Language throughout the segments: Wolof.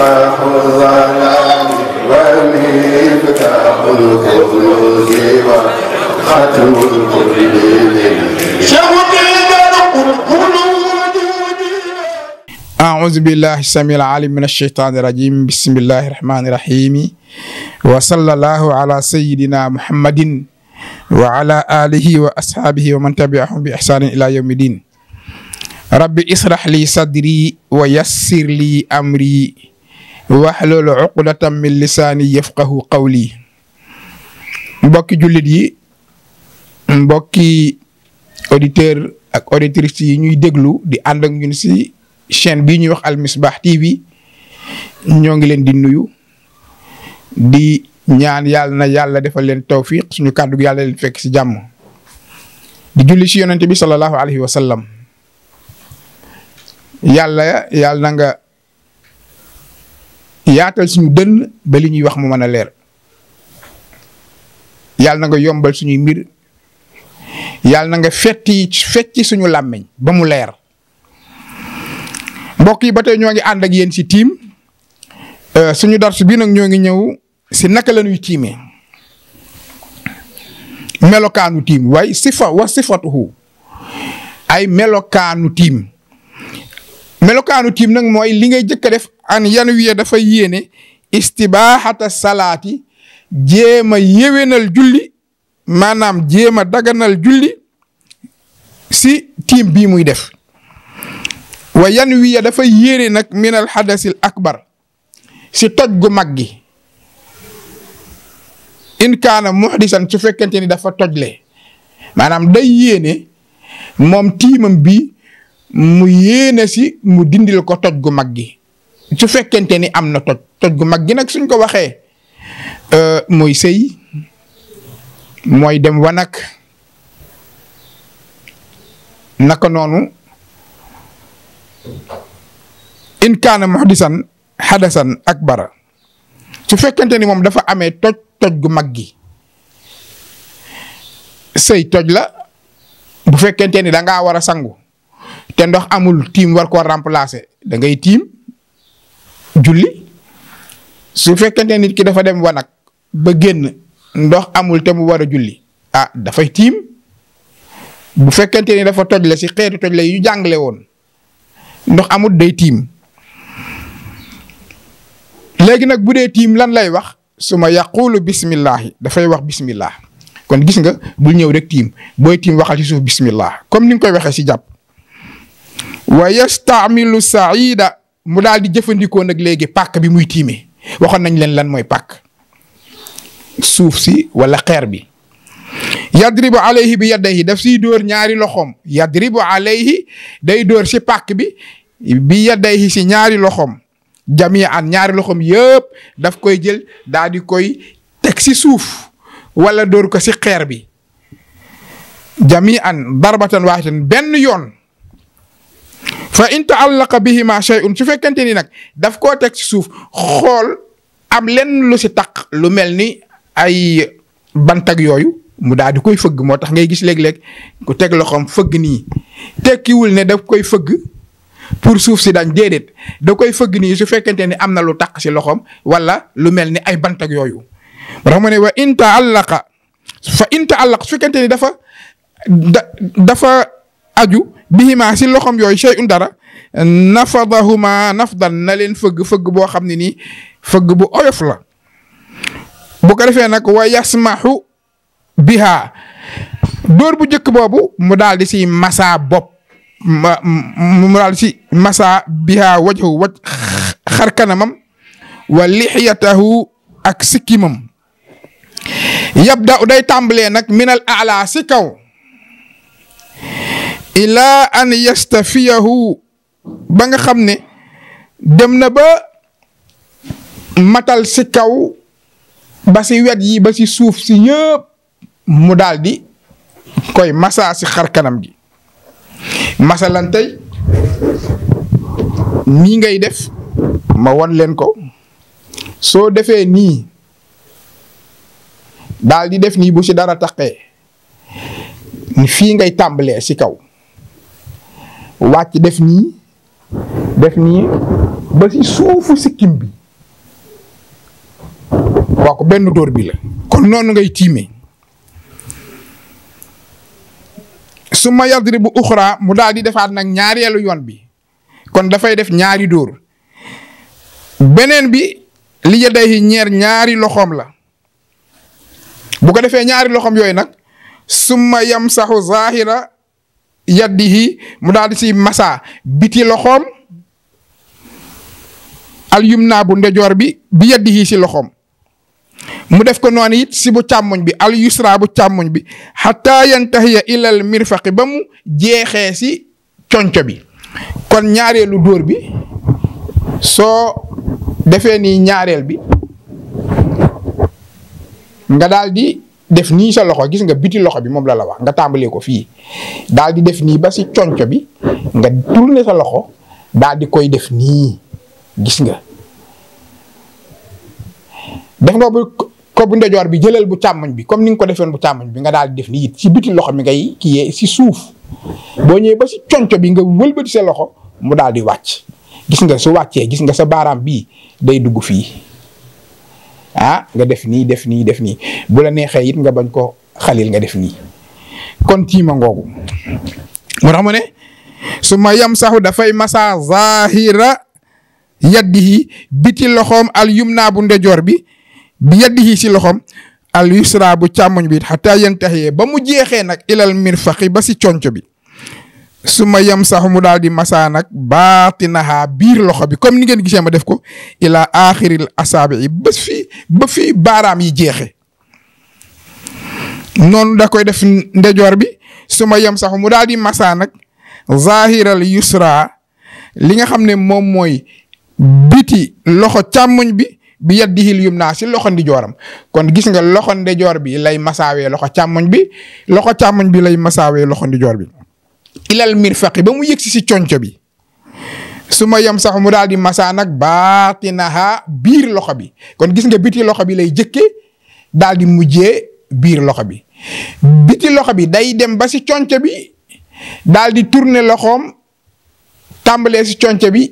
أعوذ بالله السميع العليم من الشيطان الرجيم بسم الله الرحمن الرحيم وصلى الله على سيدنا محمد وعلى آله وأصحابه ومن تبعهم بإحسان إلى يوم الدين رب اصرح لي صدري ويسر لي أمري Wahlu uqdatam min lisaani yafqahu qawli mbokki jullit yi mbokki auditeur ak auditrice yi ñuy déglu di ànd ak ñun si chaîne bii ñuy wax Al Misbah TV ñoo ngi leen di nuyu di ñaan yàlla na yàlla defal leen tawfiq suñu kàddu gi yàlla leen fekk di julli si yonente bi sallallahu alayhi wa sallam yàlla yàlla nga yaatal suñu dënn ba li ñuy wax mu mën a leer yàlla na nga yombal suñuy mbir yàlla na nga fetti fecci suñu làmmiñ ba mu leer mbokk yi ba tey ñoo ngi ànd ak yéen si tiim euh, suñu dars bi nag ñoo ngi ñëw si naka tiimee melokaanu tiim sifa wa sifatuhu ay melokaanu tiim melokaanu tiim nag mooy li ngay jëkk a def an yan wiya dafa yéene istibaaxata salaati jéem a yéwénal julli maanaam jéem a daganal julli si tiim bii muy def wa yan wiya dafa yéene nag minal xadasil akbar si toj gu mag gi in kaana muxdisan su fekkente ni dafa tojlee maanaam day yéene moom tiimam bii mu yéene si mu dindil ko toj gu mag gi su fekkente ni am na toj toj gu mag gi nag suñ ko waxee euh, mooy sëy mooy dem wanag naka noonu in kaana muhdisan hadasan akbara su fekkente ni moom dafa amee toj toj gu mag gi sëy toj la bu fekkente ni da war a sangu te ndox amul tim war ko remplacer da ngay tiim julli su fekkante nit ki dafa dem nak ba génn ndox amul te mu wara julli ah fay tim. bu fekkante ni dafa toj ci si xeetu yu jàngale won ndox amul day tim. légui nak budé tim, lan lay wax suma yaqulu bismillah da fay wax bismillah kon gis nga bu ñew rek tim boy waxal ci suuf bismillah comme ni ngui koy waxe si japp wa yastamilu saida mu daal di jëfandikoo nag léegi pàkk bi muy tiime waxoon nañ leen lan mooy pàkk suuf si wala xeer bi yadribu alayhi bi yadayhi daf si dóor ñaari loxoom yadribu alayhi day door si pàkk bi bi yadayhi si ñaari loxoom jami an ñaari loxoom yëpp daf koy jël daal koy teg si suuf wala dóor ko si xeer bi jami an darbatan waaxidan benn yoon fa in taallaqa bihima un su fekkente ni nag daf koo teg ci suuf xool am lenn lu si taq lu mel ni ay bantak yooyu mu daal di koy fëgg moo tax ngay gis léeg-léeg ku teg loxoom fëgg nii tekkiwul ne daf koy fëgg pour suuf si dañ déedéet da koy fëgg nii su fekkente ni am na lu taq si loxoom wala lu mel ni ay bantag yooyu. moo tax ma ne wa in taallaqa fa in taallaq su fekkente ni dafa da dafa aju. bihimaa si loxoom yooyu shay'un dara nafadahuma nafdan na leen fëgg fëgg boo xam ne nii fëgg bu oyof la bu ko defee nag wa yasmahu biha dóor bu njëkk boobu mu daal di si massa bopp mu daal di si massa biha wajhu waj xar kanamam wa lixiyatahu ak sikkimam yabda day tàmbalee nag minal ala si kaw ilaa an yastafiyahu ba nga xam ne dem na ba matal si kaw ba ci wet yi ba ci suuf si yëpp mu daldi koy masaa ci xar kanam gi masalan tey nii ngay def ma won leen ko soo defee nii daldi def nii bu ci dara taqee fii ngay tàmbalee ci kaw wàcc def nii def nii ba ci suufu sikkim bi kooku benn door bi la. kon noonu ngay tiimee su ma bu uxra mu daal di defaat nag ñaareelu yoon bi kon dafay def ñaari door beneen bi li yadayhi ñeer ñaari loxoom la bu ko defee ñaari loxoom yooyu nag summa yamsaxu zahira yaddihi mu daal si masa biti loxoom alyumna bu ndejoor bi bi yaddihi si loxoom mu def ko noonu it si bu càmmoñ bi al yusra bu càmmoñ bi xataa yantahiya ilal mirfaqi ba mu jeexee si conco bi kon ñaareelu dóor bi soo defee nii ñaareel bi nga daal di def nii sa loxo gis nga biti loxo bi moom la la wax nga tàmbalee ko fii daal di def nii ba si conco bi nga tourner sa loxo daal di koy def nii gis nga. def nga bu ko bu ndejoor bi jëlal bu càmmoñ bi comme ni nga ko defeen bu càmmoñ bi nga daal di def nii it si biti loxo mi ngay kiyee si suuf boo ñëwee ba si conco bi nga wëlbati sa loxo mu daal di wàcc gis nga su wàccee gis nga sa baaraam bii day dugg fii. a ah, nga def nii def nii def nii bu la neexee it nga bañ ko xalil nga def nii kon tiima ngoogu moo tax mu ne su ma yam saxu dafay masa zahira yaddihi biti loxoom al yumna bu ndejoor bi bi yaddihi si loxoom al yusra bu càmmoñ bi it xataa yentaxee ba mu jeexee nag ilal mirfaqi ba si conco bi su ma yem sax mu daal di masaa nag baatinaha biir loxo bi comme ni ngeen gisee ma def ko ilaa axiril asaabi yi ba fii baaraam yi jeexe noon da koy def ndejoor bi su ma yem sax mu daal di masaa nag zahiral yusra li nga xam ne moom mooy biti loxo càmmoñ bi bi yaddihil yum naa si loxo ndijooram kon gis nga loxo ndejoor bi lay masaawee loxo càmmoñ bi loxo càmmoñ bi lay masaawee loxo ndijoor bi ilal mirfaqi ba mu yëg si si conco bi su ma yem sax mu daal di masaa nag baatinaha biir loxo bi kon gis nga biti loxo bi lay jëkke daal di mujjee biir loxo bi biti loxo bi day dem ba si conco bi daal di loxoom tàmbalee si conco bi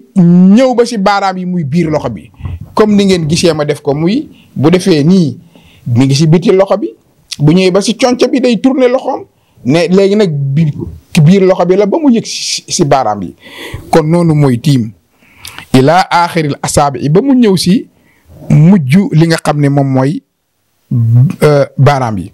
ñëw ba si baaraam yi muy biir loxo bi comme ni ngeen gisee ma def ko muy bu defee nii mu ngi si biti loxo bi bu ñëwee ba si conco bi day tourner loxoom ne léegi nag ci biir loxo bi la ba mu yëg si baaraam bi kon noonu mooy tiim ilaa aaxiril asaabi ba mu ñëw si mujj li nga xam ne moom mooy euh, baaraam yi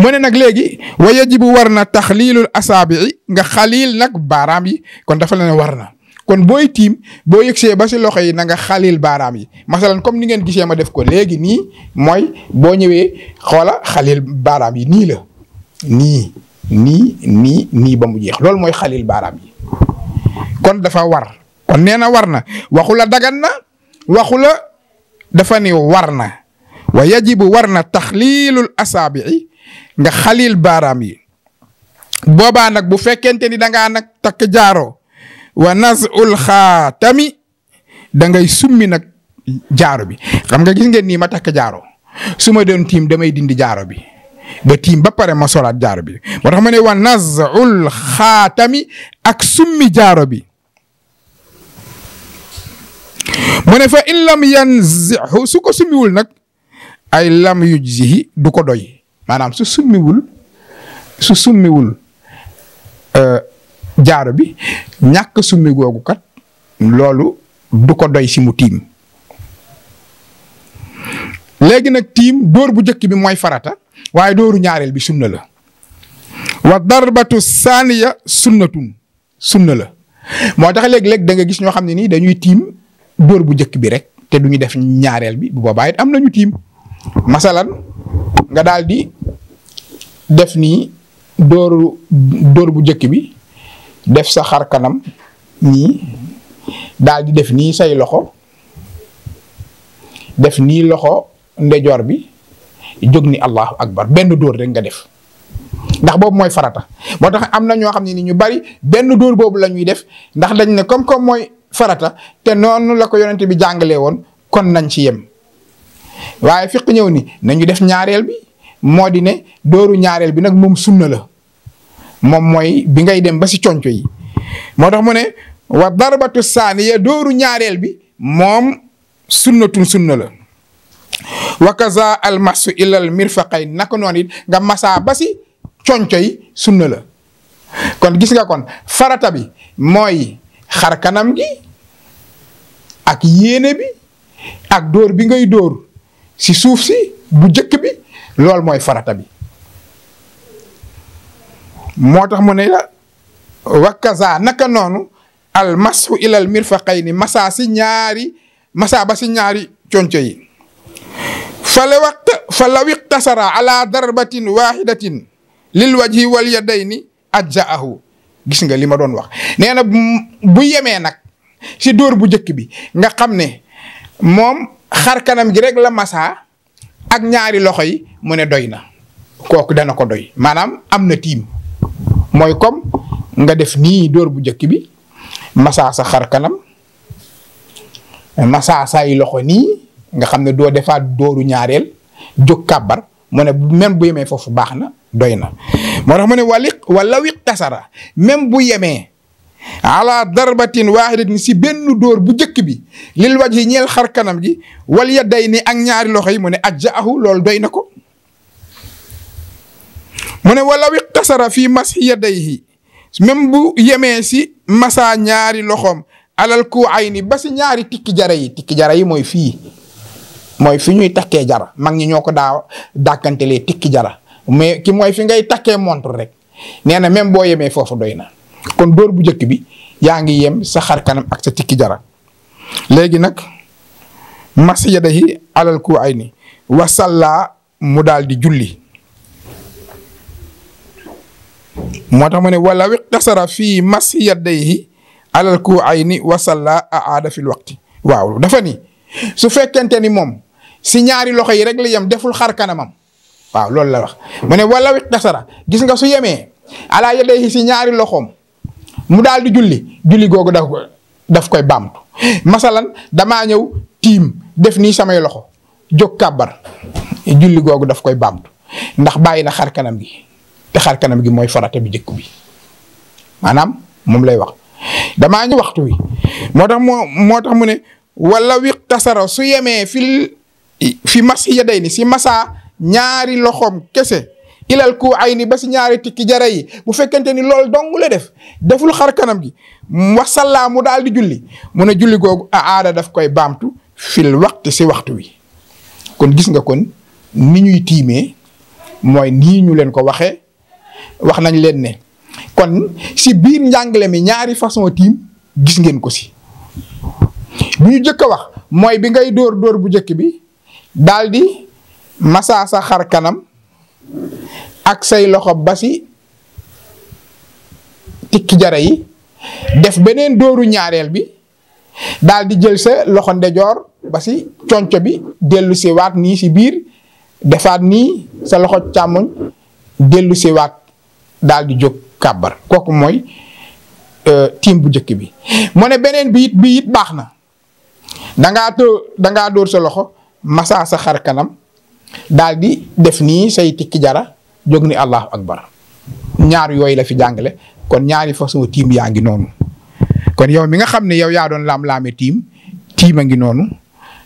mu ne nag léegi wa yajibu war na taxliilul asaabi nga xaliil nag baaraam yi kon dafa la ne war na kon booy tiim boo yëgsee ba si loxo yi na nga xaliil baaraam yi masalan comme ni ngeen gisee ma def ko léegi nii mooy boo ñëwee xoola xaliil baaraam yi nii la nii. nii nii nii ba mu jeex loolu mooy xalil baaraam yi kon dafa war kon nee na war na waxu la dagan na waxu la dafa ni war na wa yajibu war na taxliilul asaabii nga xalil baaraam yi boobaa nag bu fekkente ni danga ngaa nag takk jaaro wa nazul xaatami da ngay summi nag jaaro bi xam nga gis ngeen nii ma takk jaaro su ma doon tiim damay dindi jaaro bi. ba tiim ba pare ma solat jaaro bi moo tax ma ne wa nazul xaatami ak summi jaaro bi mu ne fa in lam yanzihu su ko summiwul nag ay lam yujzihi du ko doy maanaam su summiwul su summiwul euh, jaaro bi ñàkk summi googu kat loolu du ko doy si mu tiim léegi nag tiim dóor bu njëkk bi mooy farata waaye dóoru ñaareel bi sunna la wa darbatu saaniya sunnatun sunna la moo tax léeg-léeg da nga gis ñoo xam ne nii dañuy tiim dóor bu njëkk bi rek te du ñu def ñaareel bi bu boobaa it am na ñu tiim masalan nga daal di def nii dóoru dóor bu jëkk bi def sa xarkanam kanam nii daal di def nii say loxo def nii loxo ndejoor bi jóg ni allahu akbar benn door rek nga def ndax boobu mooy farata moo tax am na ñoo xam ne ni ñu bari benn dóor boobu la ñuy def ndax dañ ne comme comme mooy farata te noonu la ko yonent bi jàngalee woon kon nañ ci yem waaye fiq ñëw ni nañu def ñaareel bi moo di ne dóoru ñaareel bi nag moom sunna la moom mooy bi ngay dem ba si conco yi moo tax mu ne wa darbatu saaniya dóoru ñaareel bi moom sunnatun sunna la wakaza almasu ilal mirfaqay naka nga masaa ba si conco sunna la kon gis nga kon farata bi mooy xar kanam gi ak yéene ak dóor bi ngay dóor si suuf si bu jëkk bi loolu mooy farata bi moo tax mu ne la wakaza naka noonu almasu ilal mirfaqay ni masaa si ñaari masaa ba si ñaari conco فلوقت ala darbatin wahidatin lil wajhi wal واليدين ajaahu gis nga lima don wax neena bu yeme nak ci dor bu jekk bi nga xamne mom xar kanam gi rek la massa ak ñaari loxoy mu ne doyna kok dana ko doy manam amna tim moy kom nga def ni dor bu jekk bi massa sa xar kanam massa sa ay loxo ni nga xam ne doo defaat dooru ñaareel jóg kàbbar mu ne même bu yemee foofu baax na doy na moo tax mu ne wali wala wiq tasara même bu yemee ala darbatin waahidatin si benn door bu jëkk bi lil wajhi ñeel xar kanam gi wal yadday ni ak ñaari loxo yi mu ne ajjaahu loolu doy na ko mu ne wala wiq tasara fii mashi yadayhi même bu yemee si masa ñaari loxoom alal ku ay ni ba si ñaari tikki jara yi tikki jara yi mooy fii mooy fi ñuy takkee jara mag ñi ñoo ko daa dàkkantelee tikki jara mais ki mooy fi ngay takkee montre rek nee na même boo yemee foofu doy na kon dóor bu njëkk bi yaa ngi yem sa xar kanam ak sa tikki jara léegi nag marsi yadahi alal ay ni wasalla mu daal di julli moo tax ma ne wala wiqtasara fii marsi yadahi alal ku ay ni wasalla aada fil waqti waaw dafa ni su fekkente ni moom si ñaari loxo yi rek la yem deful xar kanamam waaw loolu la wax mu wala wi tasara gis nga su yemee alaa yadayhi si ñaari loxoom mu daal di julli julli googu daf koy daf koy baamtu masalan ñëw tiim def ni samay loxo jóg kàbbar julli googu daf koy baamtu ndax bàyyi na xar kanam gi te xar gi mooy farate bi jëkk bi maanaam moom lay wax damaa ñëw waxtu wi moo tax moo wala wi tasara su yemee fi mas yaday ni si masa ñaari loxom kese ilal ku ayni ba si ñaari tikki jara yi bu fekkante ni lol dong la def deful xar kanam gi wa mu dal di julli mu ne julli googu aada daf koy bamtu. fil waxti si waqtu wi kon gis nga kon ni ñuy timé moy ni ñu len ko waxe wax nañ len ne kon si bir njangle mi ñaari façon tim gis ngeen ko si ñu jëk wax moy bi ngay dor dor bu jëk bi daldi masa sa xar kanam ak say loxo basi tikki jara yi def benen dooru ñaarel bi daldi jël sa loxo ndejor basi si bi delu ci wat nii sibir bir defat nii sa loxo càmmoñ delu ci wat daldi jog kabar kàbbar moy euh tim bu njëkk bi mu ne beneen bi it bi it da nga to da nga door sa loxo masaa sa xar kanam daal di def nii say tikki jara jóg ni allahu akbar ñaar yooyu la fi jàngale kon ñaari façon tiim yaa ngi noonu kon yow mi nga xam ne yow yaa doon laam-laame tiim tiim a ngi noonu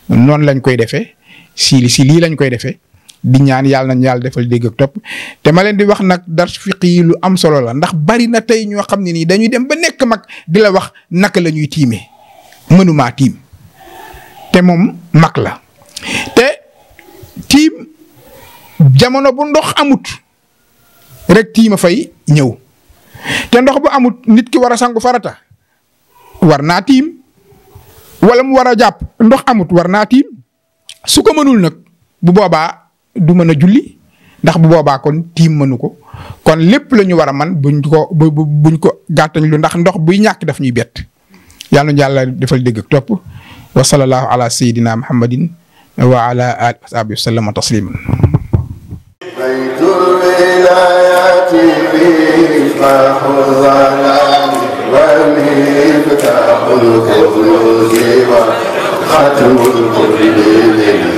noonu lañ koy defee si si lii lañ koy defee di ñaan yàlla nañ yàlla defal dégg ak topp te ma leen di wax nag dars fiq yi lu am solo la ndax bari na tey ñoo xam ne nii dañuy dem ba nekk mag di la wax naka lañuy tiime tiimee tiim te moom mag la. te tim jamono bu ndox amut rek tima fay ñew te ndox bu amut nit ki wara sangu farata war tim wala mu wara japp ndox amut warna tim su ko mënul nak bu boba du mëna julli ndax bu boba kon tim mënuko kon lepp lañu wara man buñ ko buñ ko gàttañ lu ndax ndox bu ñak daf ñuy bet yalla ñu yalla defal top wa sallallahu ala sayidina muhammadin وعلى آله وصحبه وسلم تسليما بيت الولايات فيه ومفتاح الخلود وختم الكل